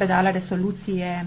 predala resolucije